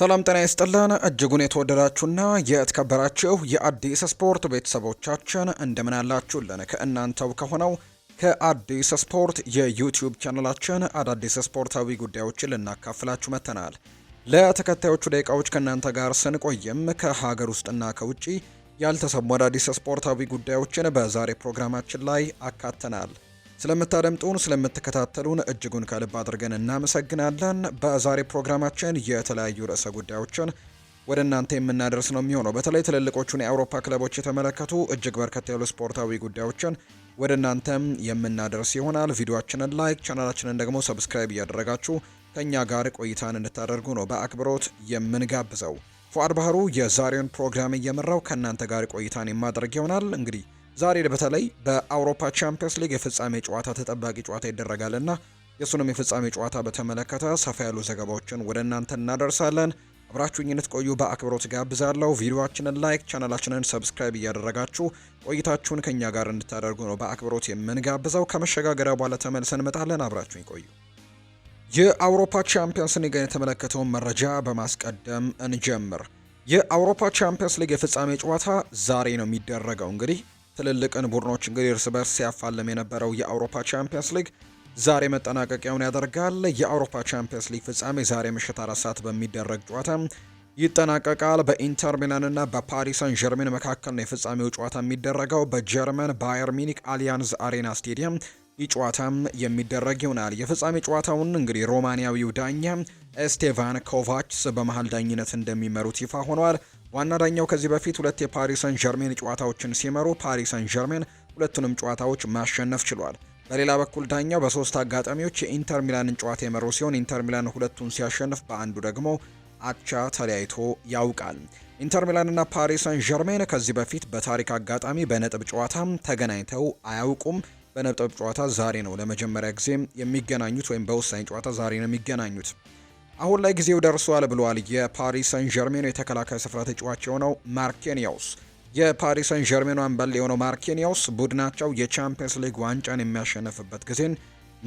ሰላም ጤና ይስጥልን እጅጉን የተወደዳችሁና የተከበራችሁ የአዲስ ስፖርት ቤተሰቦቻችን እንደምን አላችሁልን? ከእናንተው ከሆነው ከአዲስ ስፖርት የዩቲዩብ ቻናላችን አዳዲስ ስፖርታዊ ጉዳዮችን ልናካፍላችሁ መጥተናል። ለተከታዮቹ ደቂቃዎች ከእናንተ ጋር ስንቆይም ከሀገር ውስጥና ከውጭ ያልተሰሙ አዳዲስ ስፖርታዊ ጉዳዮችን በዛሬ ፕሮግራማችን ላይ አካተናል። ስለምታደምጡን ስለምትከታተሉን እጅጉን ከልብ አድርገን እናመሰግናለን። በዛሬ ፕሮግራማችን የተለያዩ ርዕሰ ጉዳዮችን ወደ እናንተ የምናደርስ ነው የሚሆነው። በተለይ ትልልቆቹን የአውሮፓ ክለቦች የተመለከቱ እጅግ በርከት ያሉ ስፖርታዊ ጉዳዮችን ወደ እናንተም የምናደርስ ይሆናል። ቪዲዮችንን ላይክ፣ ቻናላችንን ደግሞ ሰብስክራይብ እያደረጋችሁ ከእኛ ጋር ቆይታን እንድታደርጉ ነው በአክብሮት የምንጋብዘው። ፉአድ ባህሩ የዛሬውን ፕሮግራም እየመራው ከእናንተ ጋር ቆይታን የማደርግ ይሆናል እንግዲህ ዛሬ በተለይ በአውሮፓ ቻምፒየንስ ሊግ የፍጻሜ ጨዋታ ተጠባቂ ጨዋታ ይደረጋልና የእሱንም የፍጻሜ ጨዋታ በተመለከተ ሰፋ ያሉ ዘገባዎችን ወደ እናንተ እናደርሳለን። አብራችሁኝ እንድትቆዩ በአክብሮት ጋብዛለሁ። ቪዲዮችንን ላይክ፣ ቻናላችንን ሰብስክራይብ እያደረጋችሁ ቆይታችሁን ከእኛ ጋር እንድታደርጉ ነው በአክብሮት የምንጋብዘው። ከመሸጋገሪያ በኋላ ተመልሰን እንመጣለን። አብራችሁኝ ቆዩ። የአውሮፓ ቻምፒየንስ ሊግን የተመለከተውን መረጃ በማስቀደም እንጀምር። የአውሮፓ ቻምፒየንስ ሊግ የፍጻሜ ጨዋታ ዛሬ ነው የሚደረገው። እንግዲህ ትልልቅን ቡድኖች እንግዲህ እርስ በርስ ሲያፋልም የነበረው የአውሮፓ ቻምፒየንስ ሊግ ዛሬ መጠናቀቂያውን ያደርጋል። የአውሮፓ ቻምፒየንስ ሊግ ፍጻሜ ዛሬ ምሽት አራት ሰዓት በሚደረግ ጨዋታ ይጠናቀቃል። በኢንተር ሚላንና በፓሪስ ሰን ጀርሜን መካከል ነው የፍጻሜው ጨዋታ የሚደረገው በጀርመን ባየር ሚኒክ አሊያንዝ አሬና ስቴዲየም ይህ ጨዋታም የሚደረግ ይሆናል። የፍጻሜ ጨዋታውን እንግዲህ ሮማንያዊው ዳኛ ኤስቴቫን ኮቫችስ በመሀል ዳኝነት እንደሚመሩት ይፋ ሆኗል። ዋና ዳኛው ከዚህ በፊት ሁለት የፓሪሰን ጀርሜን ጨዋታዎችን ሲመሩ ፓሪሰን ጀርሜን ሁለቱንም ጨዋታዎች ማሸነፍ ችሏል። በሌላ በኩል ዳኛው በሶስት አጋጣሚዎች የኢንተር ሚላንን ጨዋታ የመሩ ሲሆን ኢንተር ሚላን ሁለቱን ሲያሸንፍ በአንዱ ደግሞ አቻ ተለያይቶ ያውቃል። ኢንተር ሚላንና ፓሪስ ሳን ዠርሜን ከዚህ በፊት በታሪክ አጋጣሚ በነጥብ ጨዋታም ተገናኝተው አያውቁም። በነጥብ ጨዋታ ዛሬ ነው ለመጀመሪያ ጊዜ የሚገናኙት፣ ወይም በወሳኝ ጨዋታ ዛሬ ነው የሚገናኙት። አሁን ላይ ጊዜው ደርሷል ብሏል። የፓሪስ ሰን ዠርሜን የተከላካይ ስፍራ ተጫዋች የሆነው ማርኬኒያውስ የፓሪስ ሰን ዠርሜን አምበል የሆነው ማርኬኒያውስ ቡድናቸው የቻምፒየንስ ሊግ ዋንጫን የሚያሸንፍበት ጊዜን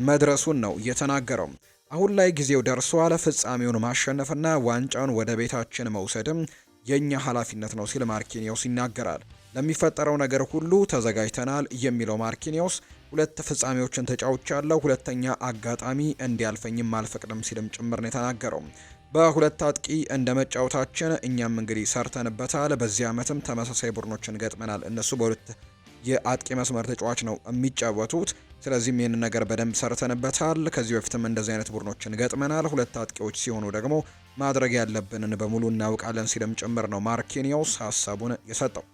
መድረሱን ነው የተናገረው። አሁን ላይ ጊዜው ደርሷል፣ ፍጻሜውን ማሸነፍና ዋንጫውን ወደ ቤታችን መውሰድም የእኛ ኃላፊነት ነው ሲል ማርኪኒዮስ ይናገራል። ለሚፈጠረው ነገር ሁሉ ተዘጋጅተናል የሚለው ማርኪኒዮስ ሁለት ፍጻሜዎችን ተጫውቻለሁ። ሁለተኛ አጋጣሚ እንዲያልፈኝም አልፈቅድም ሲልም ጭምር ነው የተናገረው። በሁለት አጥቂ እንደ መጫወታችን እኛም እንግዲህ ሰርተንበታል። በዚህ ዓመትም ተመሳሳይ ቡድኖችን ገጥመናል። እነሱ በሁለት የአጥቂ መስመር ተጫዋች ነው የሚጫወቱት። ስለዚህም ይህንን ነገር በደንብ ሰርተንበታል። ከዚህ በፊትም እንደዚህ አይነት ቡድኖችን ገጥመናል። ሁለት አጥቂዎች ሲሆኑ ደግሞ ማድረግ ያለብንን በሙሉ እናውቃለን ሲልም ጭምር ነው ማርኪኒዮስ ሀሳቡን የሰጠው።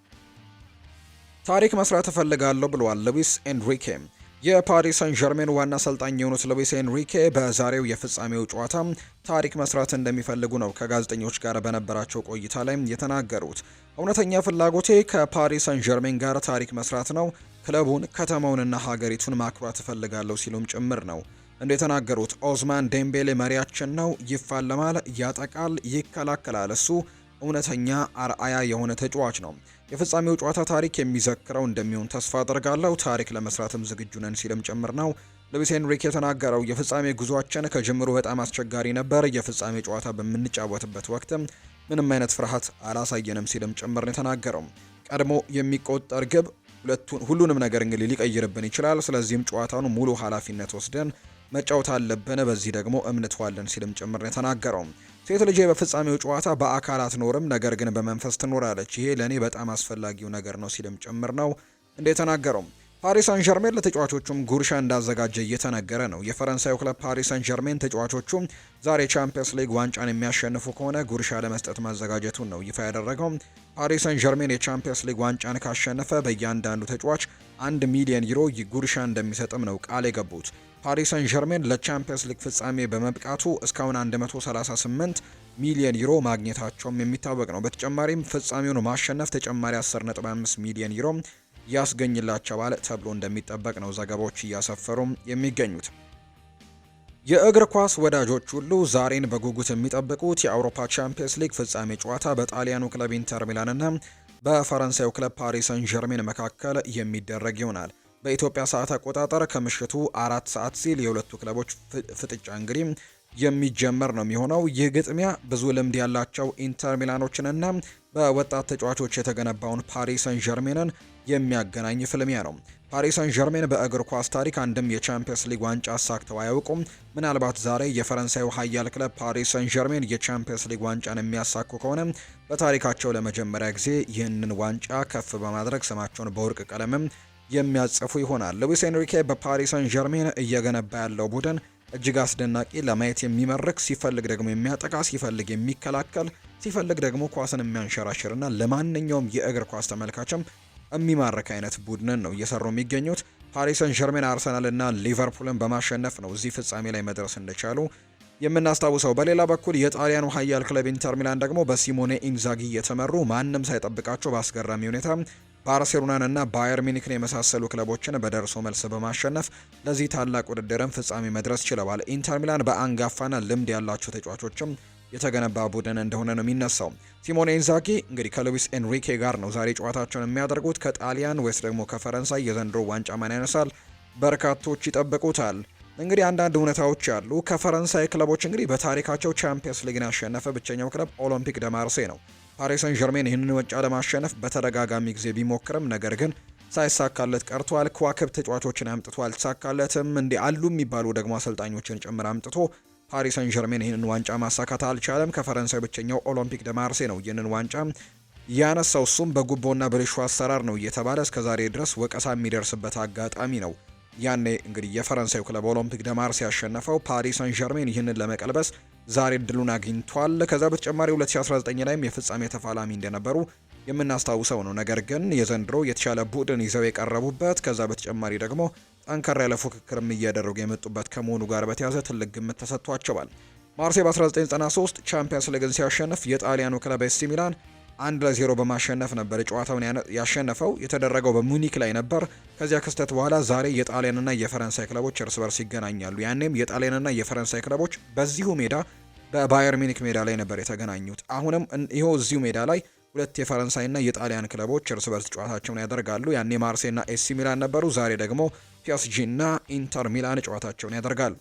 ታሪክ መስራት እፈልጋለሁ ብለዋል ሉዊስ ኤንሪኬ። የፓሪስ ሰን ዠርሜን ዋና አሰልጣኝ የሆኑት ሉዊስ ኤንሪኬ በዛሬው የፍጻሜው ጨዋታ ታሪክ መስራት እንደሚፈልጉ ነው ከጋዜጠኞች ጋር በነበራቸው ቆይታ ላይ የተናገሩት። እውነተኛ ፍላጎቴ ከፓሪስ ሰን ዠርሜን ጋር ታሪክ መስራት ነው። ክለቡን፣ ከተማውንና ሀገሪቱን ማክብራት እፈልጋለሁ ሲሉም ጭምር ነው እንደተናገሩት። ኦዝማን ዴምቤሌ መሪያችን ነው። ይፋለማል፣ ያጠቃል፣ ይከላከላል። እሱ እውነተኛ አርአያ የሆነ ተጫዋች ነው። የፍጻሜው ጨዋታ ታሪክ የሚዘክረው እንደሚሆን ተስፋ አደርጋለሁ። ታሪክ ለመስራትም ዝግጁ ነን ሲልም ጭምር ነው ሉዊስ ሄንሪክ የተናገረው። የፍጻሜ ጉዟችን ከጅምሩ በጣም አስቸጋሪ ነበር። የፍጻሜ ጨዋታ በምንጫወትበት ወቅትም ምንም አይነት ፍርሃት አላሳየንም ሲልም ጭምር ነው የተናገረው። ቀድሞ የሚቆጠር ግብ ሁለቱን ሁሉንም ነገር እንግዲህ ሊቀይርብን ይችላል። ስለዚህም ጨዋታውን ሙሉ ኃላፊነት ወስደን መጫወት አለብን። በዚህ ደግሞ እምነት ዋለን ሲልም ጭምር ነው የተናገረው። ሴት ልጄ በፍጻሜው ጨዋታ በአካል አትኖርም፣ ነገር ግን በመንፈስ ትኖራለች። ይሄ ለእኔ በጣም አስፈላጊው ነገር ነው ሲልም ጭምር ነው እንደ ፓሪስ ሳን ዠርሜን ለተጫዋቾቹም ጉርሻ እንዳዘጋጀ እየተነገረ ነው። የፈረንሳዩ ክለብ ፓሪስ ሳን ዠርሜን ተጫዋቾቹ ዛሬ ቻምፒየንስ ሊግ ዋንጫን የሚያሸንፉ ከሆነ ጉርሻ ለመስጠት ማዘጋጀቱን ነው ይፋ ያደረገው። ፓሪስ ሳን ዠርሜን የቻምፒየንስ ሊግ ዋንጫን ካሸነፈ በእያንዳንዱ ተጫዋች አንድ ሚሊዮን ዩሮ ጉርሻ እንደሚሰጥም ነው ቃል የገቡት። ፓሪስ ሳን ዠርሜን ለቻምፒየንስ ሊግ ፍጻሜ በመብቃቱ እስካሁን 138 ሚሊዮን ዩሮ ማግኘታቸውም የሚታወቅ ነው። በተጨማሪም ፍጻሜውን ማሸነፍ ተጨማሪ 10.5 ሚሊዮን ዩሮ ያስገኝላቸዋል ተብሎ እንደሚጠበቅ ነው ዘገባዎች እያሰፈሩም የሚገኙት። የእግር ኳስ ወዳጆች ሁሉ ዛሬን በጉጉት የሚጠብቁት የአውሮፓ ቻምፒየንስ ሊግ ፍጻሜ ጨዋታ በጣሊያኑ ክለብ ኢንተር ሚላንና በፈረንሳዩ ክለብ ፓሪስ ሰን ዠርሜን መካከል የሚደረግ ይሆናል። በኢትዮጵያ ሰዓት አቆጣጠር ከምሽቱ አራት ሰዓት ሲል የሁለቱ ክለቦች ፍጥጫ እንግዲህ የሚጀመር ነው የሚሆነው። ይህ ግጥሚያ ብዙ ልምድ ያላቸው ኢንተር ሚላኖችንና በወጣት ተጫዋቾች የተገነባውን ፓሪስ ሰን ዠርሜንን የሚያገናኝ ፍልሚያ ነው። ፓሪስ ሰን ዠርሜን በእግር ኳስ ታሪክ አንድም የቻምፒየንስ ሊግ ዋንጫ አሳክተው አያውቁም። ምናልባት ዛሬ የፈረንሳዩ ኃያል ክለብ ፓሪስ ሰን ዠርሜን የቻምፒየንስ ሊግ ዋንጫን የሚያሳኩ ከሆነ በታሪካቸው ለመጀመሪያ ጊዜ ይህንን ዋንጫ ከፍ በማድረግ ስማቸውን በወርቅ ቀለምም የሚያጽፉ ይሆናል። ሉዊስ ኤንሪኬ በፓሪስ ሰን ዠርሜን እየገነባ ያለው ቡድን እጅግ አስደናቂ፣ ለማየት የሚመርክ፣ ሲፈልግ ደግሞ የሚያጠቃ፣ ሲፈልግ የሚከላከል፣ ሲፈልግ ደግሞ ኳስን የሚያንሸራሽርና ለማንኛውም የእግር ኳስ ተመልካችም የሚማርክ አይነት ቡድንን ነው እየሰሩ የሚገኙት። ፓሪሰን ጀርሜን፣ አርሰናል እና ሊቨርፑልን በማሸነፍ ነው እዚህ ፍጻሜ ላይ መድረስ እንደቻሉ የምናስታውሰው። በሌላ በኩል የጣሊያኑ ኃያል ክለብ ኢንተር ሚላን ደግሞ በሲሞኔ ኢንዛጊ እየተመሩ ማንም ሳይጠብቃቸው በአስገራሚ ሁኔታ ባርሴሎናን እና ባየር ሚኒክን የመሳሰሉ ክለቦችን በደርሶ መልስ በማሸነፍ ለዚህ ታላቅ ውድድርን ፍጻሜ መድረስ ችለዋል። ኢንተር ሚላን በአንጋፋና ልምድ ያላቸው ተጫዋቾችም የተገነባ ቡድን እንደሆነ ነው የሚነሳው። ሲሞኔ ኢንዛጊ እንግዲህ ከሉዊስ ኤንሪኬ ጋር ነው ዛሬ ጨዋታቸውን የሚያደርጉት። ከጣሊያን ወይስ ደግሞ ከፈረንሳይ የዘንድሮ ዋንጫ ማን ያነሳል? በርካቶች ይጠብቁታል። እንግዲህ አንዳንድ እውነታዎች አሉ ከፈረንሳይ ክለቦች እንግዲህ በታሪካቸው ቻምፒየንስ ሊግን ያሸነፈ ብቸኛው ክለብ ኦሎምፒክ ደማርሴ ነው። ፓሪስ ሰን ዠርሜን ይህንን ዋንጫ ለማሸነፍ በተደጋጋሚ ጊዜ ቢሞክርም ነገር ግን ሳይሳካለት ቀርቷል። ከዋክብ ተጫዋቾችን አምጥቶ አልተሳካለትም። እንዲህ አሉ የሚባሉ ደግሞ አሰልጣኞችን ጭምር አምጥቶ ፓሪስ ሰን ዠርሜን ይህንን ዋንጫ ማሳካት አልቻለም። ከፈረንሳይ ብቸኛው ኦሎምፒክ ደማርሴ ነው ይህንን ዋንጫ ያነሳው እሱም በጉቦና ብልሹ አሰራር ነው እየተባለ እስከ ዛሬ ድረስ ወቀሳ የሚደርስበት አጋጣሚ ነው። ያኔ እንግዲህ የፈረንሳዩ ክለብ ኦሎምፒክ ደማርሴ ያሸነፈው ፓሪስ ሰን ዠርሜን ይህንን ለመቀልበስ ዛሬ ድሉን አግኝቷል። ከዛ በተጨማሪ 2019 ላይም የፍጻሜ ተፋላሚ እንደነበሩ የምናስታውሰው ነው። ነገር ግን የዘንድሮ የተሻለ ቡድን ይዘው የቀረቡበት ከዛ በተጨማሪ ደግሞ ጠንከር ያለ ፉክክርም እያደረጉ የመጡበት ከመሆኑ ጋር በተያዘ ትልቅ ግምት ተሰጥቷቸዋል። ማርሴ በ1993 ቻምፒየንስ ሊግን ሲያሸንፍ የጣሊያኑ ክለብ ኤሲ ሚላን አንድ ለዜሮ በማሸነፍ ነበር ጨዋታውን ያሸነፈው። የተደረገው በሙኒክ ላይ ነበር። ከዚያ ክስተት በኋላ ዛሬ የጣሊያንና የፈረንሳይ ክለቦች እርስ በርስ ይገናኛሉ። ያኔም የጣሊያንና የፈረንሳይ ክለቦች በዚሁ ሜዳ በባየር ሚኒክ ሜዳ ላይ ነበር የተገናኙት። አሁንም ይኸው እዚሁ ሜዳ ላይ ሁለት የፈረንሳይና የጣሊያን ክለቦች እርስ በርስ ጨዋታቸውን ያደርጋሉ። ያኔ ማርሴና ኤሲ ሚላን ነበሩ። ዛሬ ደግሞ ፒያስጂና ኢንተር ሚላን ጨዋታቸውን ያደርጋሉ።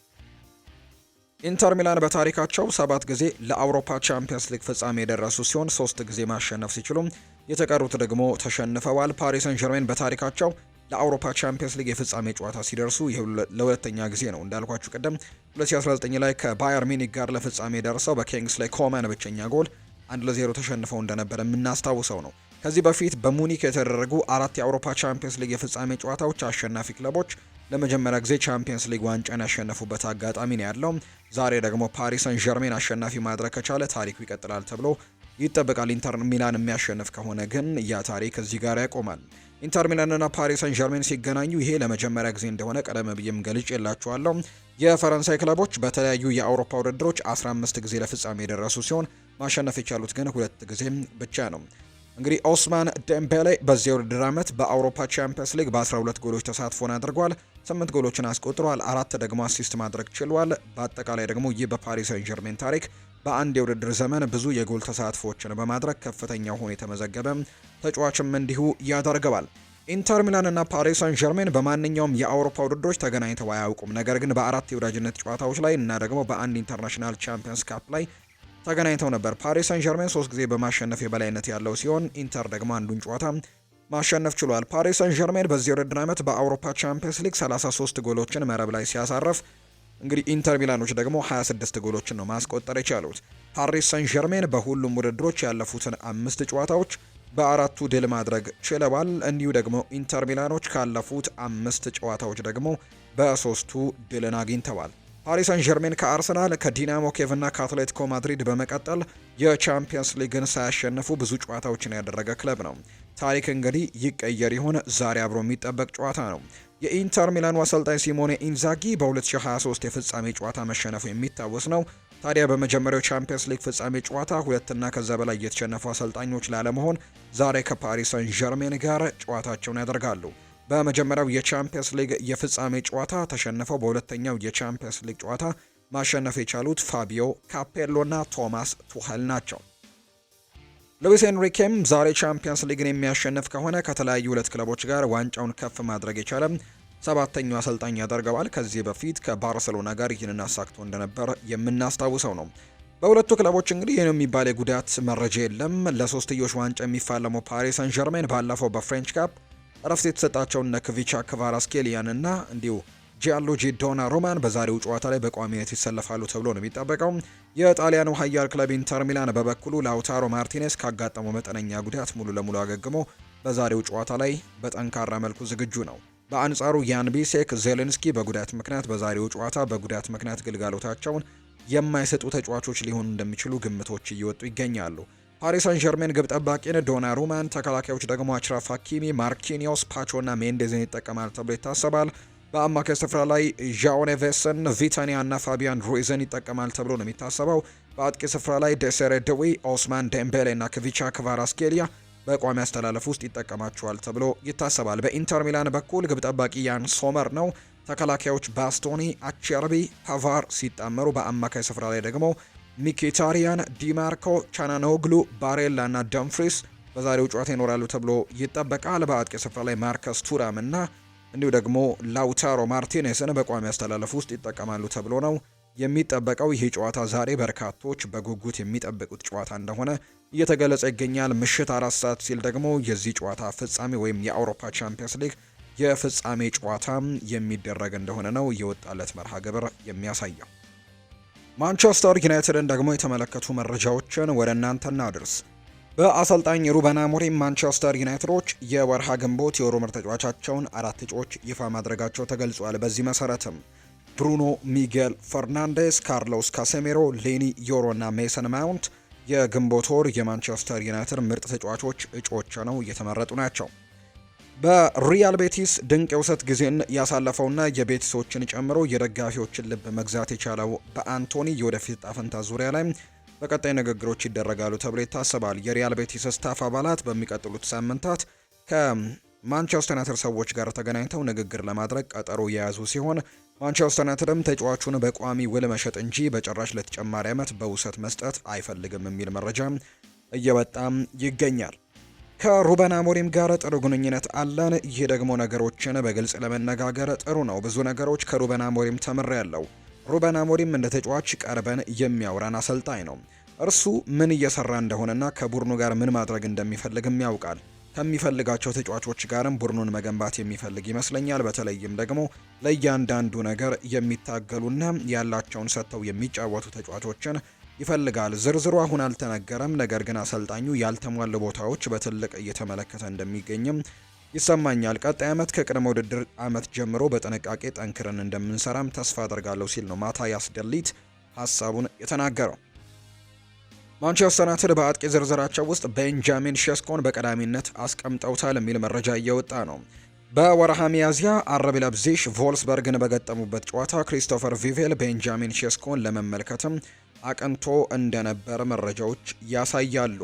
ኢንተር ሚላን በታሪካቸው ሰባት ጊዜ ለአውሮፓ ቻምፒየንስ ሊግ ፍጻሜ የደረሱ ሲሆን ሶስት ጊዜ ማሸነፍ ሲችሉም የተቀሩት ደግሞ ተሸንፈዋል። ፓሪስ ጀርሜን በታሪካቸው ለአውሮፓ ቻምፒየንስ ሊግ የፍጻሜ ጨዋታ ሲደርሱ ለሁለተኛ ጊዜ ነው። እንዳልኳችሁ ቅድም 2019 ላይ ከባየር ሚኒክ ጋር ለፍጻሜ ደርሰው ላይ ኮማን ብቸኛ ጎል አንድ ለዜሮ ተሸንፈው እንደነበረ የምናስታውሰው ነው። ከዚህ በፊት በሙኒክ የተደረጉ አራት የአውሮፓ ቻምፒየንስ ሊግ የፍጻሜ ጨዋታዎች አሸናፊ ክለቦች ለመጀመሪያ ጊዜ ቻምፒየንስ ሊግ ዋንጫን ያሸነፉበት አጋጣሚ ነው ያለው። ዛሬ ደግሞ ፓሪስ ሰን ዠርሜን አሸናፊ ማድረግ ከቻለ ታሪኩ ይቀጥላል ተብሎ ይጠበቃል። ኢንተር ሚላን የሚያሸንፍ ከሆነ ግን ያ ታሪክ እዚህ ጋር ያቆማል። ኢንተር ሚላንና ፓሪስ ሰን ዠርሜን ሲገናኙ ይሄ ለመጀመሪያ ጊዜ እንደሆነ ቀደም ብዬም ገልጭ የፈረንሳይ ክለቦች በተለያዩ የአውሮፓ ውድድሮች 15 ጊዜ ለፍጻሜ የደረሱ ሲሆን ማሸነፍ የቻሉት ግን ሁለት ጊዜም ብቻ ነው። እንግዲህ ኦስማን ደምቤሌ በዚህ ውድድር ዓመት በአውሮፓ ቻምፒየንስ ሊግ በ12 ጎሎች ተሳትፎን አድርጓል። ስምንት ጎሎችን አስቆጥሯል። አራት ደግሞ አሲስት ማድረግ ችሏል። በአጠቃላይ ደግሞ ይህ በፓሪስ ሰን ጀርሜን ታሪክ በአንድ የውድድር ዘመን ብዙ የጎል ተሳትፎችን በማድረግ ከፍተኛ ሆኖ የተመዘገበ ተጫዋችም እንዲሁ ያደርገዋል። ኢንተር ሚላን እና ፓሪስ ሰን ጀርሜን በማንኛውም የአውሮፓ ውድድሮች ተገናኝተው አያውቁም። ነገር ግን በአራት የወዳጅነት ጨዋታዎች ላይ እና ደግሞ በአንድ ኢንተርናሽናል ቻምፒየንስ ካፕ ላይ ተገናኝተው ነበር። ፓሪስ ሳን ዠርሜን ሶስት ጊዜ በማሸነፍ የበላይነት ያለው ሲሆን ኢንተር ደግሞ አንዱን ጨዋታ ማሸነፍ ችሏል። ፓሪስ ሳን ዠርሜን በዚህ ውድድር ዓመት በአውሮፓ ቻምፒየንስ ሊግ 33 ጎሎችን መረብ ላይ ሲያሳረፍ እንግዲህ ኢንተር ሚላኖች ደግሞ 26 ጎሎችን ነው ማስቆጠር የቻሉት። ፓሪስ ሳን ዠርሜን በሁሉም ውድድሮች ያለፉትን አምስት ጨዋታዎች በአራቱ ድል ማድረግ ችለዋል። እንዲሁ ደግሞ ኢንተር ሚላኖች ካለፉት አምስት ጨዋታዎች ደግሞ በሶስቱ ድልን አግኝተዋል። ፓሪስ ሰን ዠርሜን ከአርሰናል ከዲናሞ ና ከአትሌቲኮ ማድሪድ በመቀጠል የቻምፒየንስ ሊግን ሳያሸንፉ ብዙ ጨዋታዎችን ያደረገ ክለብ ነው። ታሪክ እንግዲህ ይቀየር ይሆን? ዛሬ አብሮ የሚጠበቅ ጨዋታ ነው። የኢንተር ሚላኑ አሰልጣኝ ሲሞኔ ኢንዛጊ በ2023 የፍጻሜ ጨዋታ መሸነፉ የሚታወስ ነው። ታዲያ በመጀመሪያው ቻምፒየንስ ሊግ ፍጻሜ ጨዋታ ሁለትና ከዛ በላይ የተሸነፉ አሰልጣኞች ላለመሆን ዛሬ ከፓሪስ ሰን ዠርሜን ጋር ጨዋታቸውን ያደርጋሉ። በመጀመሪያው የቻምፒየንስ ሊግ የፍጻሜ ጨዋታ ተሸንፈው በሁለተኛው የቻምፒየንስ ሊግ ጨዋታ ማሸነፍ የቻሉት ፋቢዮ ካፔሎና ቶማስ ቱሃል ናቸው። ሉዊስ ኤንሪኬም ዛሬ ቻምፒየንስ ሊግን የሚያሸንፍ ከሆነ ከተለያዩ ሁለት ክለቦች ጋር ዋንጫውን ከፍ ማድረግ የቻለ ሰባተኛው አሰልጣኝ ያደርገዋል። ከዚህ በፊት ከባርሰሎና ጋር ይህንን አሳክቶ እንደነበር የምናስታውሰው ነው። በሁለቱ ክለቦች እንግዲህ ይህን የሚባል የጉዳት መረጃ የለም። ለሶስትዮሽ ዋንጫ የሚፋለመው ፓሪስ ሰን ጀርሜን ባለፈው በፍሬንች ካፕ እረፍት የተሰጣቸው እነ ክቪቻ ክቫራስኬሊያን እና እንዲሁ ጂያሎጂ ዶና ሮማን በዛሬው ጨዋታ ላይ በቋሚነት ይሰለፋሉ ተብሎ ነው የሚጠበቀው። የጣሊያኑ ሀያል ክለብ ኢንተር ሚላን በበኩሉ ላውታሮ ማርቲኔስ ካጋጠመው መጠነኛ ጉዳት ሙሉ ለሙሉ አገግሞ በዛሬው ጨዋታ ላይ በጠንካራ መልኩ ዝግጁ ነው። በአንጻሩ ያን ቢሴክ፣ ዜሌንስኪ በጉዳት ምክንያት በዛሬው ጨዋታ በጉዳት ምክንያት ግልጋሎታቸውን የማይሰጡ ተጫዋቾች ሊሆኑ እንደሚችሉ ግምቶች እየወጡ ይገኛሉ። ሃሪሰን ጀርሜን ግብ ጠባቂን፣ ሩማን ተከላካዮች ደግሞ አችራፍ ሀኪሚ፣ ማርኪኒዮስ፣ ፓቾና ሜንዴዝን ይጠቀማል ተብሎ ይታሰባል። በአማካይ ስፍራ ላይ ዣኦኔቬስን ቪታኒያ እና ፋቢያን ሩይዝን ይጠቀማል ተብሎ ነው የሚታሰበው። በአጥቂ ስፍራ ላይ ደሴሬ ድዊ፣ ኦስማን ደምቤሌ እና ክቪቻ ክቫራስኬሊያ በቋሚ አስተላለፍ ውስጥ ይጠቀማቸዋል ተብሎ ይታሰባል። በኢንተር ሚላን በኩል ግብ ጠባቂ ያን ሶመር ነው። ተከላካዮች ባስቶኒ፣ አቸርቢ፣ ፓቫር ሲጣመሩ በአማካይ ስፍራ ላይ ደግሞ ሚኬታሪያን፣ ዲማርኮ፣ ቻናኖግሉ፣ ባሬላ እና ደምፍሪስ በዛሬው ጨዋታ ይኖራሉ ተብሎ ይጠበቃል። በአጥቂ ስፍራ ላይ ማርከስ ቱራም እና እንዲሁ ደግሞ ላውታሮ ማርቲኔስን በቋሚ አስተላለፍ ውስጥ ይጠቀማሉ ተብሎ ነው የሚጠበቀው። ይህ ጨዋታ ዛሬ በርካቶች በጉጉት የሚጠብቁት ጨዋታ እንደሆነ እየተገለጸ ይገኛል። ምሽት አራት ሰዓት ሲል ደግሞ የዚህ ጨዋታ ፍጻሜ ወይም የአውሮፓ ቻምፒየንስ ሊግ የፍጻሜ ጨዋታ የሚደረግ እንደሆነ ነው የወጣለት መርሃ ግብር የሚያሳየው። ማንቸስተር ዩናይትድን ደግሞ የተመለከቱ መረጃዎችን ወደ እናንተ እናድርስ። በአሰልጣኝ ሩበን አሞሪም ማንቸስተር ዩናይትዶች የወርሃ ግንቦት የኦሮምር ተጫዋቻቸውን አራት እጩዎች ይፋ ማድረጋቸው ተገልጿል። በዚህ መሰረትም ብሩኖ ሚጌል ፈርናንዴስ፣ ካርሎስ ካሴሜሮ፣ ሌኒ ዮሮ እና ሜሰን ማውንት የግንቦት ወር የማንቸስተር ዩናይትድ ምርጥ ተጫዋቾች እጩዎች ነው እየተመረጡ ናቸው። በሪያል ቤቲስ ድንቅ የውሰት ጊዜን ያሳለፈውና የቤቲሶችን ጨምሮ የደጋፊዎችን ልብ መግዛት የቻለው በአንቶኒ የወደፊት ጣፈንታ ዙሪያ ላይ በቀጣይ ንግግሮች ይደረጋሉ ተብሎ ይታሰባል። የሪያል ቤቲስ ስታፍ አባላት በሚቀጥሉት ሳምንታት ከማንቸስተር ዩናይትድ ሰዎች ጋር ተገናኝተው ንግግር ለማድረግ ቀጠሮ የያዙ ሲሆን ማንቸስተር ዩናይትድም ተጫዋቹን በቋሚ ውል መሸጥ እንጂ በጭራሽ ለተጨማሪ ዓመት በውሰት መስጠት አይፈልግም የሚል መረጃ እየወጣም ይገኛል። ከሩበን አሞሪም ጋር ጥሩ ግንኙነት አለን። ይህ ደግሞ ነገሮችን በግልጽ ለመነጋገር ጥሩ ነው። ብዙ ነገሮች ከሩበን አሞሪም ተምሬያለሁ። ሩበን አሞሪም እንደ ተጫዋች ቀርበን የሚያወራን አሰልጣኝ ነው። እርሱ ምን እየሰራ እንደሆነና ከቡድኑ ጋር ምን ማድረግ እንደሚፈልግም ያውቃል። ከሚፈልጋቸው ተጫዋቾች ጋርም ቡድኑን መገንባት የሚፈልግ ይመስለኛል። በተለይም ደግሞ ለእያንዳንዱ ነገር የሚታገሉና ያላቸውን ሰጥተው የሚጫወቱ ተጫዋቾችን ይፈልጋል። ዝርዝሩ አሁን አልተነገረም፣ ነገር ግን አሰልጣኙ ያልተሟሉ ቦታዎች በትልቅ እየተመለከተ እንደሚገኝም ይሰማኛል። ቀጣይ ዓመት ከቅድመ ውድድር ዓመት ጀምሮ በጥንቃቄ ጠንክረን እንደምንሰራም ተስፋ አደርጋለሁ ሲል ነው ማታያስ ደሊት ሀሳቡን የተናገረው። ማንቸስተር ዩናይትድ በአጥቂ ዝርዝራቸው ውስጥ ቤንጃሚን ሼስኮን በቀዳሚነት አስቀምጠውታል የሚል መረጃ እየወጣ ነው። በወርሃ ሚያዝያ አረብ ለብዚሽ ቮልስበርግን በገጠሙበት ጨዋታ ክሪስቶፈር ቪቬል ቤንጃሚን ሼስኮን ለመመልከትም አቅንቶ እንደነበር መረጃዎች ያሳያሉ።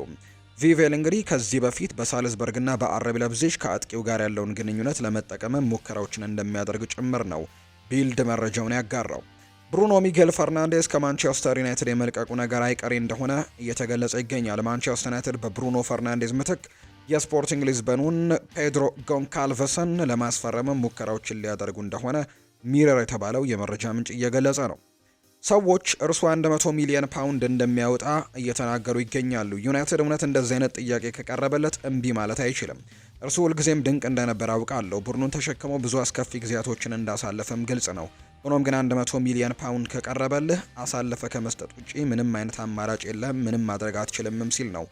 ቪቬል እንግዲህ ከዚህ በፊት በሳልዝበርግና በአረብ ለብዜሽ ከአጥቂው ጋር ያለውን ግንኙነት ለመጠቀም ሙከራዎችን እንደሚያደርግ ጭምር ነው ቢልድ መረጃውን ያጋራው። ብሩኖ ሚጌል ፈርናንዴስ ከማንቸስተር ዩናይትድ የመልቀቁ ነገር አይቀሬ እንደሆነ እየተገለጸ ይገኛል። ማንቸስተር ዩናይትድ በብሩኖ ፈርናንዴዝ ምትክ የስፖርቲንግ ሊዝበኑን ፔድሮ ጎንካልቨሰን ለማስፈረምም ሙከራዎችን ሊያደርጉ እንደሆነ ሚረር የተባለው የመረጃ ምንጭ እየገለጸ ነው። ሰዎች እርሱ 100 ሚሊዮን ፓውንድ እንደሚያወጣ እየተናገሩ ይገኛሉ። ዩናይትድ እውነት እንደዚህ አይነት ጥያቄ ከቀረበለት እምቢ ማለት አይችልም። እርሱ ሁልጊዜም ድንቅ እንደነበር አውቃለሁ። ቡድኑን ተሸክሞ ብዙ አስከፊ ጊዜያቶችን እንዳሳለፈም ግልጽ ነው። ሆኖም ግን 100 ሚሊዮን ፓውንድ ከቀረበልህ አሳልፈ ከመስጠት ውጪ ምንም አይነት አማራጭ የለም፣ ምንም ማድረግ አትችልምም ሲል ነው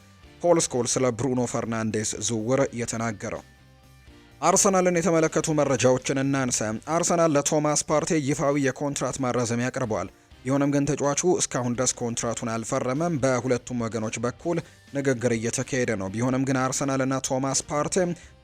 ፖል ስኮል ስለ ብሩኖ ፈርናንዴስ ዝውውር የተናገረው። አርሰናልን የተመለከቱ መረጃዎችን እናንሳ። አርሰናል ለቶማስ ፓርቴ ይፋዊ የኮንትራት ማራዘሚያ አቅርበዋል። የሆነም ግን ተጫዋቹ እስካሁን ድረስ ኮንትራቱን አልፈረመም። በሁለቱም ወገኖች በኩል ንግግር እየተካሄደ ነው። ቢሆንም ግን አርሰናልና ቶማስ ፓርቴ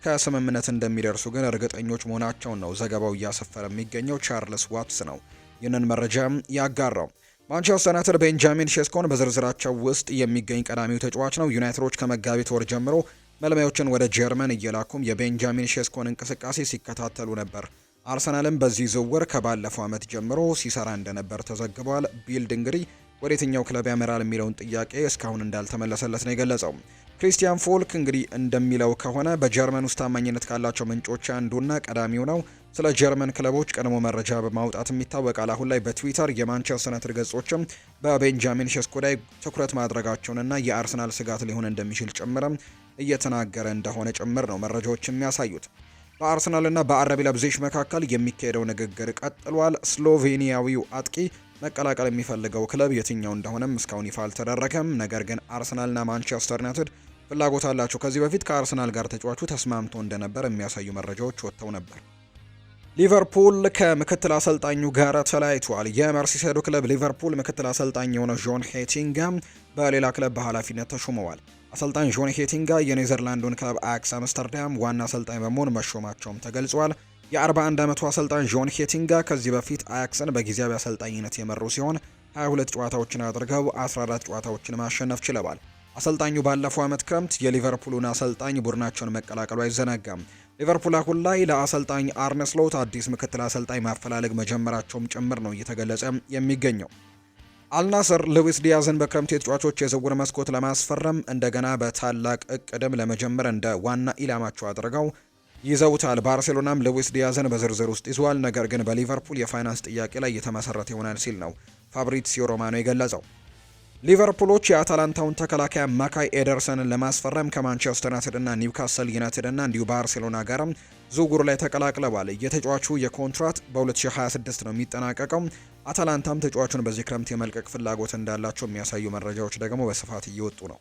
ከስምምነት እንደሚደርሱ ግን እርግጠኞች መሆናቸውን ነው ዘገባው እያሰፈረ የሚገኘው። ቻርልስ ዋትስ ነው ይህንን መረጃ ያጋራው። ማንቸስተር ዩናይትድ ቤንጃሚን ሼስኮን በዝርዝራቸው ውስጥ የሚገኝ ቀዳሚው ተጫዋች ነው። ዩናይትዶች ከመጋቢት ወር ጀምሮ መልማዮችን ወደ ጀርመን እየላኩም የቤንጃሚን ሼስኮን እንቅስቃሴ ሲከታተሉ ነበር። አርሰናልም በዚህ ዝውውር ከባለፈው ዓመት ጀምሮ ሲሰራ እንደነበር ተዘግቧል። ቢልድ እንግዲህ ወደ የትኛው ክለብ ያመራል የሚለውን ጥያቄ እስካሁን እንዳልተመለሰለት ነው የገለጸው። ክሪስቲያን ፎልክ እንግዲህ እንደሚለው ከሆነ በጀርመን ውስጥ ታማኝነት ካላቸው ምንጮች አንዱና ቀዳሚው ነው። ስለ ጀርመን ክለቦች ቀድሞ መረጃ በማውጣትም ይታወቃል። አሁን ላይ በትዊተር የማንቸስተር ዩናይትድ ገጾችም በቤንጃሚን ሸስኮ ላይ ትኩረት ማድረጋቸውንና የአርሰናል ስጋት ሊሆን እንደሚችል ጭምርም እየተናገረ እንደሆነ ጭምር ነው መረጃዎች የሚያሳዩት። በአርሰናልና በአረቢ ለብዜሽ መካከል የሚካሄደው ንግግር ቀጥሏል። ስሎቬኒያዊው አጥቂ መቀላቀል የሚፈልገው ክለብ የትኛው እንደሆነም እስካሁን ይፋ አልተደረገም። ነገር ግን አርሰናልና ማንቸስተር ዩናይትድ ፍላጎት አላቸው። ከዚህ በፊት ከአርሰናል ጋር ተጫዋቹ ተስማምቶ እንደነበር የሚያሳዩ መረጃዎች ወጥተው ነበር። ሊቨርፑል ከምክትል አሰልጣኙ ጋር ተለያይቷል። የመርሲሰዱ ክለብ ሊቨርፑል ምክትል አሰልጣኝ የሆነው ጆን ሄቲንጋ በሌላ ክለብ በኃላፊነት ተሹመዋል። አሰልጣኝ ጆን ሄቲንጋ የኔዘርላንዱን ክለብ አያክስ አምስተርዳም ዋና አሰልጣኝ በመሆን መሾማቸውም ተገልጿል። የ41 ዓመቱ አሰልጣኝ ጆን ሄቲንጋ ከዚህ በፊት አያክስን በጊዜያዊ አሰልጣኝነት የመሩ ሲሆን 22 ጨዋታዎችን አድርገው 14 ጨዋታዎችን ማሸነፍ ችለዋል። አሰልጣኙ ባለፈው ዓመት ክረምት የሊቨርፑሉን አሰልጣኝ ቡድናቸውን መቀላቀሉ አይዘነጋም። ሊቨርፑል አሁን ላይ ለአሰልጣኝ አርነ ስሎት አዲስ ምክትል አሰልጣኝ ማፈላለግ መጀመራቸውም ጭምር ነው እየተገለጸ የሚገኘው። አልናስር ሉዊስ ዲያዝን በክረምት የተጫዋቾች የዝውውር መስኮት ለማስፈረም እንደገና በታላቅ እቅድም ለመጀመር እንደ ዋና ኢላማቸው አድርገው ይዘውታል። ባርሴሎናም ሉዊስ ዲያዝን በዝርዝር ውስጥ ይዟል፣ ነገር ግን በሊቨርፑል የፋይናንስ ጥያቄ ላይ እየተመሰረተ ይሆናል ሲል ነው ፋብሪሲዮ ሮማኖ የገለጸው። ሊቨርፑሎች የአታላንታውን ተከላካይ አማካይ ኤደርሰንን ለማስፈረም ከማንቸስተር ዩናይትድ እና ኒውካስል ዩናይትድ እና እንዲሁ ባርሴሎና ጋርም ዝውውር ላይ ተቀላቅለዋል። የተጫዋቹ የኮንትራት በ2026 ነው የሚጠናቀቀው። አታላንታም ተጫዋቹን በዚህ ክረምት የመልቀቅ ፍላጎት እንዳላቸው የሚያሳዩ መረጃዎች ደግሞ በስፋት እየወጡ ነው።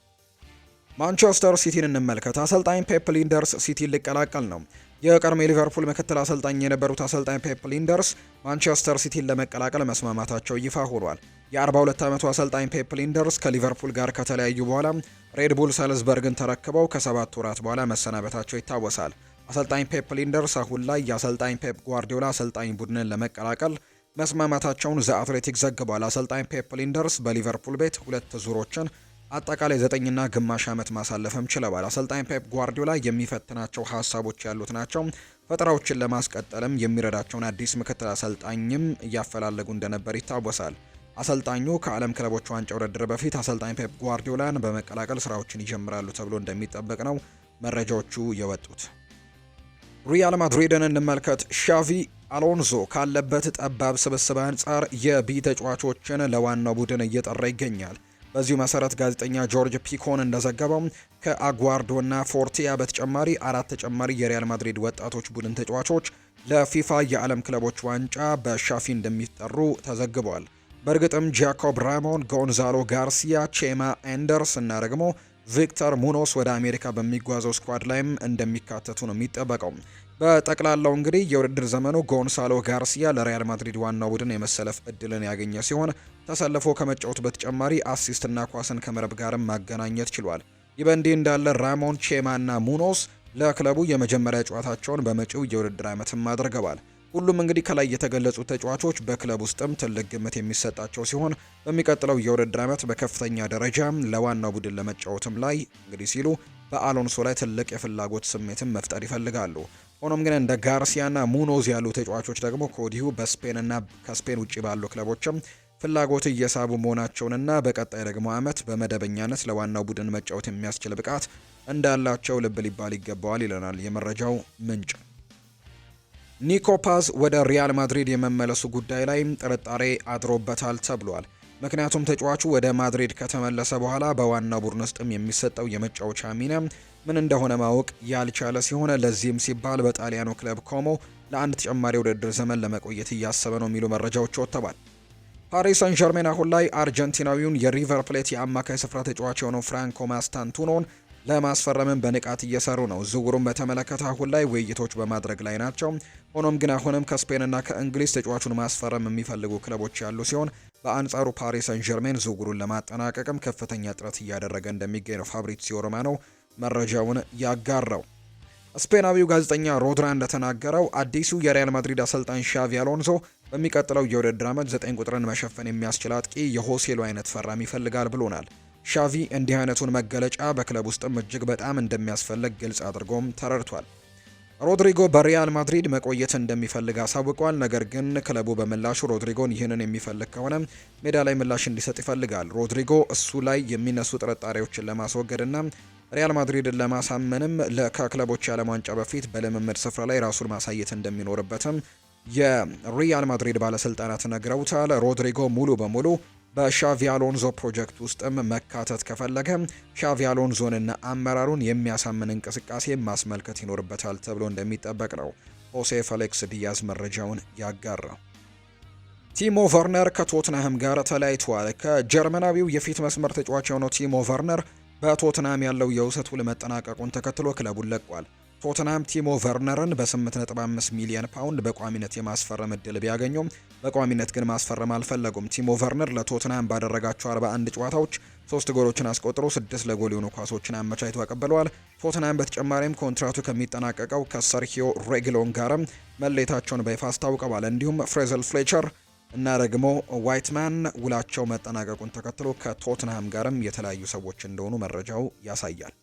ማንቸስተር ሲቲን እንመልከት። አሰልጣኝ ፔፕ ሊንደርስ ሊቀላቀል ነው። የቀድሞ ሊቨርፑል ምክትል አሰልጣኝ የነበሩት አሰልጣኝ ፔፕ ሊንደርስ ማንቸስተር ሲቲን ለመቀላቀል መስማማታቸው ይፋ ሆኗል። የ42 ዓመቱ አሰልጣኝ ፔፕ ሊንደርስ ከሊቨርፑል ጋር ከተለያዩ በኋላ ሬድቡል ቡል ሳልዝበርግን ተረክበው ከሰባት ወራት በኋላ መሰናበታቸው ይታወሳል። አሰልጣኝ ፔፕ ሊንደርስ አሁን ላይ የአሰልጣኝ ፔፕ ጓርዲዮላ አሰልጣኝ ቡድንን ለመቀላቀል መስማማታቸውን ዘ አትሌቲክ ዘግቧል። አሰልጣኝ ፔፕ ሊንደርስ በሊቨርፑል ቤት ሁለት ዙሮችን አጠቃላይ ዘጠኝና ግማሽ ዓመት ማሳለፍም ችለዋል። አሰልጣኝ ፔፕ ጓርዲዮላ የሚፈትናቸው ሀሳቦች ያሉት ናቸው። ፈጠራዎችን ለማስቀጠልም የሚረዳቸውን አዲስ ምክትል አሰልጣኝም እያፈላለጉ እንደነበር ይታወሳል። አሰልጣኙ ከዓለም ክለቦች ዋንጫ ውድድር በፊት አሰልጣኝ ፔፕ ጓርዲዮላን በመቀላቀል ስራዎችን ይጀምራሉ ተብሎ እንደሚጠበቅ ነው መረጃዎቹ የወጡት። ሪያል ማድሪድን እንመልከት። ሻቪ አሎንሶ ካለበት ጠባብ ስብስብ አንጻር የቢ ተጫዋቾችን ለዋናው ቡድን እየጠራ ይገኛል። በዚሁ መሰረት ጋዜጠኛ ጆርጅ ፒኮን እንደዘገበው ከአጓርዶና ፎርቲያ በተጨማሪ አራት ተጨማሪ የሪያል ማድሪድ ወጣቶች ቡድን ተጫዋቾች ለፊፋ የዓለም ክለቦች ዋንጫ በሻፊ እንደሚጠሩ ተዘግቧል። በእርግጥም ጃኮብ ራሞን፣ ጎንዛሎ ጋርሲያ፣ ቼማ ኤንደርስ እና ደግሞ ቪክተር ሙኖስ ወደ አሜሪካ በሚጓዘው ስኳድ ላይም እንደሚካተቱ ነው የሚጠበቀው። በጠቅላላው እንግዲህ የውድድር ዘመኑ ጎንሳሎ ጋርሲያ ለሪያል ማድሪድ ዋናው ቡድን የመሰለፍ እድልን ያገኘ ሲሆን ተሰልፎ ከመጫወቱ በተጨማሪ አሲስትና ኳስን ከመረብ ጋርም ማገናኘት ችሏል። ይህ በእንዲህ እንዳለ ራሞን ቼማና ሙኖስ ለክለቡ የመጀመሪያ ጨዋታቸውን በመጪው የውድድር ዓመትም አድርገዋል። ሁሉም እንግዲህ ከላይ የተገለጹ ተጫዋቾች በክለብ ውስጥም ትልቅ ግምት የሚሰጣቸው ሲሆን በሚቀጥለው የውድድር ዓመት በከፍተኛ ደረጃ ለዋናው ቡድን ለመጫወትም ላይ እንግዲህ ሲሉ በአሎንሶ ላይ ትልቅ የፍላጎት ስሜትን መፍጠር ይፈልጋሉ። ሆኖም ግን እንደ ጋርሲያና ሙኖዝ ያሉ ተጫዋቾች ደግሞ ከወዲሁ በስፔንና ከስፔን ውጭ ባሉ ክለቦችም ፍላጎት እየሳቡ መሆናቸውንና በቀጣይ ደግሞ ዓመት በመደበኛነት ለዋናው ቡድን መጫወት የሚያስችል ብቃት እንዳላቸው ልብ ሊባል ይገባዋል ይለናል የመረጃው ምንጭ። ኒኮፓስ ወደ ሪያል ማድሪድ የመመለሱ ጉዳይ ላይም ጥርጣሬ አድሮበታል ተብሏል። ምክንያቱም ተጫዋቹ ወደ ማድሪድ ከተመለሰ በኋላ በዋናው ቡድን ውስጥም የሚሰጠው የመጫወቻ ሚና ምን እንደሆነ ማወቅ ያልቻለ ሲሆን ለዚህም ሲባል በጣሊያኑ ክለብ ኮሞ ለአንድ ተጨማሪ ውድድር ዘመን ለመቆየት እያሰበ ነው የሚሉ መረጃዎች ወጥተዋል። ፓሪስ ሰን አሁን ላይ አርጀንቲናዊውን የሪቨር ፕሌት የአማካይ ስፍራ ተጫዋች የሆነው ፍራንኮ ማስታንቱኖን ለማስፈረምን በንቃት እየሰሩ ነው። ዝውውሩን በተመለከተ አሁን ላይ ውይይቶች በማድረግ ላይ ናቸው። ሆኖም ግን አሁንም ከስፔንና ከእንግሊዝ ተጫዋቹን ማስፈረም የሚፈልጉ ክለቦች ያሉ ሲሆን በአንጻሩ ፓሪስ ሰን ጀርሜን ዝውውሩን ለማጠናቀቅም ከፍተኛ ጥረት እያደረገ እንደሚገኝ ነው ፋብሪዚዮ ሮማኖ መረጃውን ያጋራው። ስፔናዊው ጋዜጠኛ ሮድራ እንደተናገረው አዲሱ የሪያል ማድሪድ አሰልጣኝ ሻቪ አሎንሶ በሚቀጥለው የውድድር ዓመት ዘጠኝ ቁጥርን መሸፈን የሚያስችል አጥቂ የሆሴሉ አይነት ፈራሚ ይፈልጋል ብሎናል። ሻቪ እንዲህ አይነቱን መገለጫ በክለብ ውስጥም እጅግ በጣም እንደሚያስፈልግ ግልጽ አድርጎም ተረድቷል። ሮድሪጎ በሪያል ማድሪድ መቆየት እንደሚፈልግ አሳውቋል። ነገር ግን ክለቡ በምላሹ ሮድሪጎን ይህንን የሚፈልግ ከሆነ ሜዳ ላይ ምላሽ እንዲሰጥ ይፈልጋል። ሮድሪጎ እሱ ላይ የሚነሱ ጥርጣሬዎችን ለማስወገድና ሪያል ማድሪድን ለማሳመንም ከክለቦች የዓለም ዋንጫ በፊት በልምምድ ስፍራ ላይ ራሱን ማሳየት እንደሚኖርበትም የሪያል ማድሪድ ባለስልጣናት ነግረውታል። ሮድሪጎ ሙሉ በሙሉ በሻቪ አሎንዞ ፕሮጀክት ውስጥም መካተት ከፈለገ ሻቪ አሎንዞንና አመራሩን የሚያሳምን እንቅስቃሴ ማስመልከት ይኖርበታል ተብሎ እንደሚጠበቅ ነው ሆሴ ፈሌክስ ዲያዝ መረጃውን ያጋራ። ቲሞ ቨርነር ከቶትናህም ጋር ተለያይቷል። ከጀርመናዊው የፊት መስመር ተጫዋች የሆነው ቲሞ ቨርነር በቶትናም ያለው የውሰት ውል መጠናቀቁን ተከትሎ ክለቡን ለቋል። ቶተናም ቲሞ ቨርነርን በ8.5 ሚሊዮን ፓውንድ በቋሚነት የማስፈረም እድል ቢያገኙም በቋሚነት ግን ማስፈረም አልፈለጉም። ቲሞ ቨርነር ለቶትናም ባደረጋቸው 41 ጨዋታዎች ሶስት ጎሎችን አስቆጥሮ ስድስት ለጎል የሆኑ ኳሶችን አመቻችቶ አቀብለዋል። ቶትናም በተጨማሪም ኮንትራቱ ከሚጠናቀቀው ከሰርኪዮ ሬግሎን ጋርም መለየታቸውን በይፋ አስታውቀዋል። እንዲሁም ፍሬዘል ፍሌቸር እና ደግሞ ዋይትማን ውላቸው መጠናቀቁን ተከትሎ ከቶትናም ጋርም የተለያዩ ሰዎች እንደሆኑ መረጃው ያሳያል።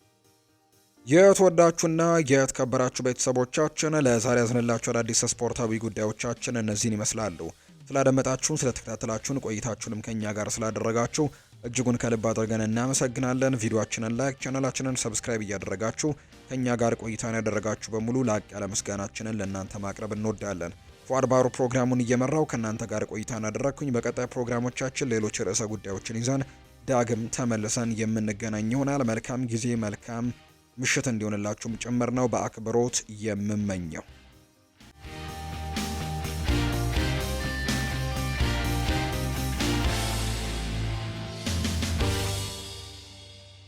የተወዳችሁና የተከበራችሁ ቤተሰቦቻችን ለዛሬ ያዝንላችሁ አዳዲስ ስፖርታዊ ጉዳዮቻችን እነዚህን ይመስላሉ። ስላደመጣችሁን፣ ስለተከታተላችሁን ቆይታችሁንም ከኛ ጋር ስላደረጋችሁ እጅጉን ከልብ አድርገን እናመሰግናለን። ቪዲዮችንን ላይክ፣ ቻናላችንን ሰብስክራይብ እያደረጋችሁ ከእኛ ጋር ቆይታን ያደረጋችሁ በሙሉ ላቅ ያለ ምስጋናችንን ለእናንተ ማቅረብ እንወዳለን። ፏድ ባሩ ፕሮግራሙን እየመራው ከእናንተ ጋር ቆይታን አደረግኩኝ። በቀጣይ ፕሮግራሞቻችን ሌሎች ርዕሰ ጉዳዮችን ይዘን ዳግም ተመልሰን የምንገናኝ ይሆናል። መልካም ጊዜ፣ መልካም ምሽት እንዲሆንላችሁም ጭምር ነው በአክብሮት የምመኘው።